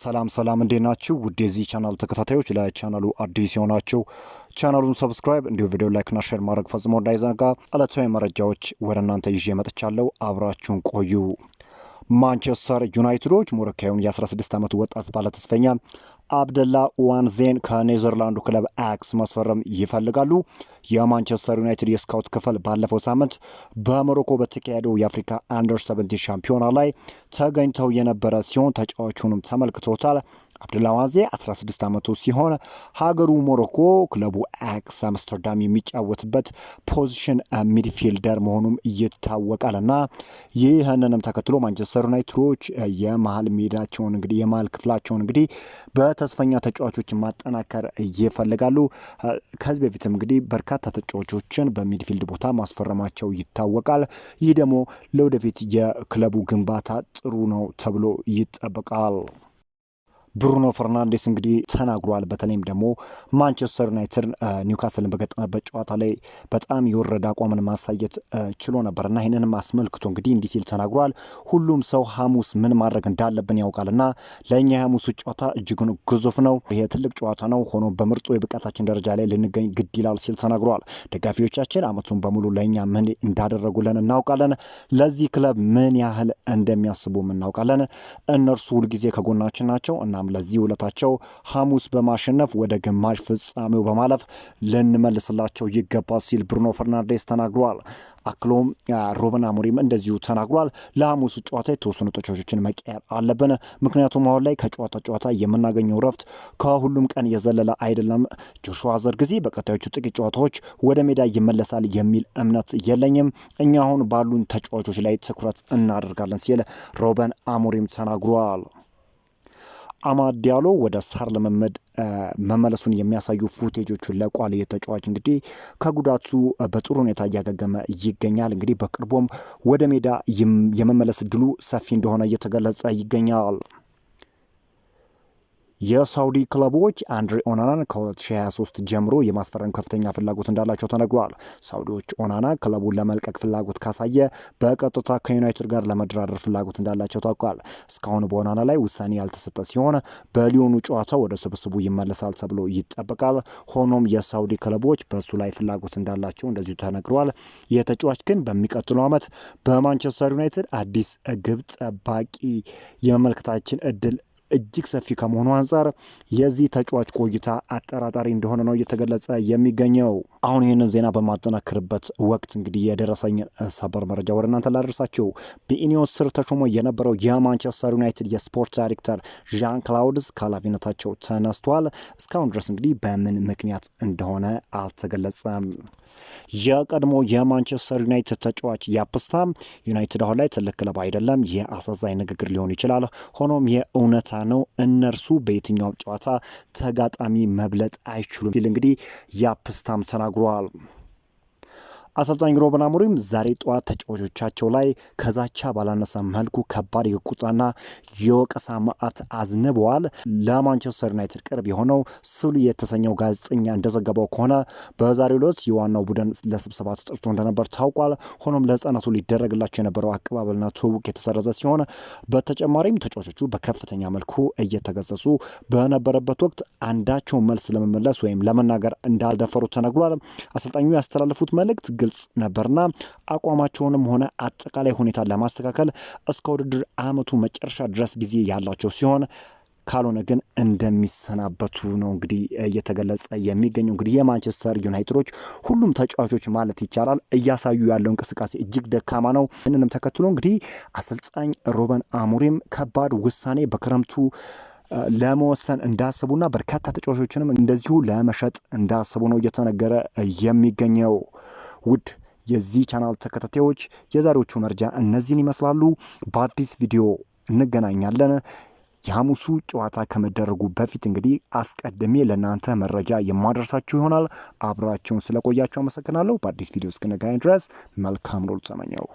ሰላም ሰላም እንዴት ናችሁ? ውድ የዚህ ቻናል ተከታታዮች፣ ለቻናሉ አዲስ የሆናችሁ ቻናሉን ሰብስክራይብ እንዲሁ ቪዲዮ ላይክና ሼር ማድረግ ፈጽሞ እንዳይዘነጋ። ዕለታዊ መረጃዎች ወደ እናንተ ይዤ መጥቻለሁ። አብራችሁን ቆዩ። ማንቸስተር ዩናይትዶች ሞሮካዊውን የ16 ዓመቱ ወጣት ባለተስፈኛ አብደላ ዋንዜን ከኔዘርላንዱ ክለብ አክስ ማስፈረም ይፈልጋሉ። የማንቸስተር ዩናይትድ የስካውት ክፍል ባለፈው ሳምንት በሞሮኮ በተካሄደው የአፍሪካ አንደር 17 ሻምፒዮና ላይ ተገኝተው የነበረ ሲሆን ተጫዋቹንም ተመልክቶታል። አብድላዋዜ 16 ዓመቱ ሲሆን ሀገሩ ሞሮኮ ክለቡ አያክስ አምስተርዳም የሚጫወትበት ፖዚሽን ሚድፊልደር መሆኑም ይታወቃልና ይህንንም ተከትሎ ማንቸስተር ዩናይትዶች የመሀል ሜዳቸውን እንግዲህ የመሀል ክፍላቸውን እንግዲህ በተስፈኛ ተጫዋቾች ማጠናከር ይፈልጋሉ። ከዚህ በፊትም እንግዲህ በርካታ ተጫዋቾችን በሚድፊልድ ቦታ ማስፈረማቸው ይታወቃል። ይህ ደግሞ ለወደፊት የክለቡ ግንባታ ጥሩ ነው ተብሎ ይጠበቃል። ብሩኖ ፈርናንዴስ እንግዲህ ተናግሯል። በተለይም ደግሞ ማንቸስተር ዩናይትድ ኒውካስልን በገጠመበት ጨዋታ ላይ በጣም የወረደ አቋምን ማሳየት ችሎ ነበር እና ይህንንም አስመልክቶ እንግዲህ እንዲህ ሲል ተናግሯል። ሁሉም ሰው ሐሙስ ምን ማድረግ እንዳለብን ያውቃል እና ለእኛ የሐሙሱ ጨዋታ እጅጉን ግዙፍ ነው። ይሄ ትልቅ ጨዋታ ነው። ሆኖ በምርጡ የብቃታችን ደረጃ ላይ ልንገኝ ግድ ይላል ሲል ተናግሯል። ደጋፊዎቻችን አመቱን በሙሉ ለእኛ ምን እንዳደረጉልን እናውቃለን። ለዚህ ክለብ ምን ያህል እንደሚያስቡም እናውቃለን። እነርሱ ሁልጊዜ ከጎናችን ናቸው እና እኛም ለዚህ ውለታቸው ሐሙስ በማሸነፍ ወደ ግማሽ ፍጻሜው በማለፍ ልንመልስላቸው ይገባል ሲል ብሩኖ ፈርናንዴስ ተናግሯል። አክሎም ሮበን አሞሪም እንደዚሁ ተናግሯል። ለሐሙስ ጨዋታ የተወሰኑ ተጫዋቾችን መቀየር አለብን፣ ምክንያቱም አሁን ላይ ከጨዋታ ጨዋታ የምናገኘው ረፍት ከሁሉም ቀን የዘለለ አይደለም። ጆሹዋ ጊዜ በቀጣዮቹ ጥቂት ጨዋታዎች ወደ ሜዳ ይመለሳል የሚል እምነት የለኝም። እኛ አሁን ባሉን ተጫዋቾች ላይ ትኩረት እናደርጋለን ሲል ሮበን አሞሪም ተናግሯል። አማድ ወደ ሳር ለመመድ መመለሱን የሚያሳዩ ፉቴጆቹን ለቋል። የተጫዋች እንግዲህ ከጉዳቱ በጥሩ ሁኔታ እያገገመ ይገኛል። እንግዲህ በቅርቡም ወደ ሜዳ የመመለስ እድሉ ሰፊ እንደሆነ እየተገለጸ ይገኛል። የሳውዲ ክለቦች አንድሬ ኦናናን ከ2023 ጀምሮ የማስፈረም ከፍተኛ ፍላጎት እንዳላቸው ተነግሯል። ሳውዲዎች ኦናና ክለቡን ለመልቀቅ ፍላጎት ካሳየ በቀጥታ ከዩናይትድ ጋር ለመደራደር ፍላጎት እንዳላቸው ታውቋል። እስካሁን በኦናና ላይ ውሳኔ ያልተሰጠ ሲሆን በሊዮኑ ጨዋታ ወደ ስብስቡ ይመለሳል ተብሎ ይጠበቃል። ሆኖም የሳውዲ ክለቦች በእሱ ላይ ፍላጎት እንዳላቸው እንደዚሁ ተነግሯል። የተጫዋች ግን በሚቀጥለው ዓመት በማንቸስተር ዩናይትድ አዲስ ግብ ጠባቂ የመመልከታችን እድል እጅግ ሰፊ ከመሆኑ አንጻር የዚህ ተጫዋች ቆይታ አጠራጣሪ እንደሆነ ነው እየተገለጸ የሚገኘው። አሁን ይህንን ዜና በማጠናክርበት ወቅት እንግዲህ የደረሰኝ ሰበር መረጃ ወደ እናንተ ላደርሳችሁ። በኢኒዮስ ስር ተሾሞ የነበረው የማንቸስተር ዩናይትድ የስፖርት ዳይሬክተር ዣን ክላውድስ ከኃላፊነታቸው ተነስቷል። እስካሁን ድረስ እንግዲህ በምን ምክንያት እንደሆነ አልተገለጸም። የቀድሞ የማንቸስተር ዩናይትድ ተጫዋች ያፕስታ ዩናይትድ አሁን ላይ ትልቅ ክለብ አይደለም፣ የአሳዛኝ ንግግር ሊሆን ይችላል። ሆኖም የእውነታ ነው። እነርሱ በየትኛውም ጨዋታ ተጋጣሚ መብለጥ አይችሉም ሲል እንግዲህ ያፕስታም ተናግሯል። አሰልጣኝ ሩበን አሞሪም ዛሬ ጠዋት ተጫዋቾቻቸው ላይ ከዛቻ ባላነሳ መልኩ ከባድ የቁጣና የወቀሳ ማዕት አዝንበዋል። ለማንቸስተር ዩናይትድ ቅርብ የሆነው ስሉ የተሰኘው ጋዜጠኛ እንደዘገበው ከሆነ በዛሬው ዕለት የዋናው ቡድን ለስብሰባ ተጠርቶ እንደነበር ታውቋል። ሆኖም ለህፃናቱ ሊደረግላቸው የነበረው አቀባበልና ትውውቅ የተሰረዘ ሲሆን በተጨማሪም ተጫዋቾቹ በከፍተኛ መልኩ እየተገሰጹ በነበረበት ወቅት አንዳቸውን መልስ ለመመለስ ወይም ለመናገር እንዳልደፈሩ ተነግሯል። አሰልጣኙ ያስተላለፉት መልእክት ግልጽ ነበርና አቋማቸውንም ሆነ አጠቃላይ ሁኔታ ለማስተካከል እስከ ውድድር አመቱ መጨረሻ ድረስ ጊዜ ያላቸው ሲሆን ካልሆነ ግን እንደሚሰናበቱ ነው እንግዲህ እየተገለጸ የሚገኘው። እንግዲህ የማንቸስተር ዩናይትዶች ሁሉም ተጫዋቾች ማለት ይቻላል እያሳዩ ያለው እንቅስቃሴ እጅግ ደካማ ነው። ይህንንም ተከትሎ እንግዲህ አሰልጣኝ ሮበን አሙሪም ከባድ ውሳኔ በክረምቱ ለመወሰን እንዳስቡና በርካታ ተጫዋቾችንም እንደዚሁ ለመሸጥ እንዳስቡ ነው እየተነገረ የሚገኘው። ውድ የዚህ ቻናል ተከታታዮች የዛሬዎቹ መረጃ እነዚህን ይመስላሉ። በአዲስ ቪዲዮ እንገናኛለን። የሐሙሱ ጨዋታ ከመደረጉ በፊት እንግዲህ አስቀድሜ ለእናንተ መረጃ የማደርሳችሁ ይሆናል። አብራችሁን ስለቆያችሁ አመሰግናለሁ። በአዲስ ቪዲዮ እስክንገናኝ ድረስ መልካም ሮል ሰመኘው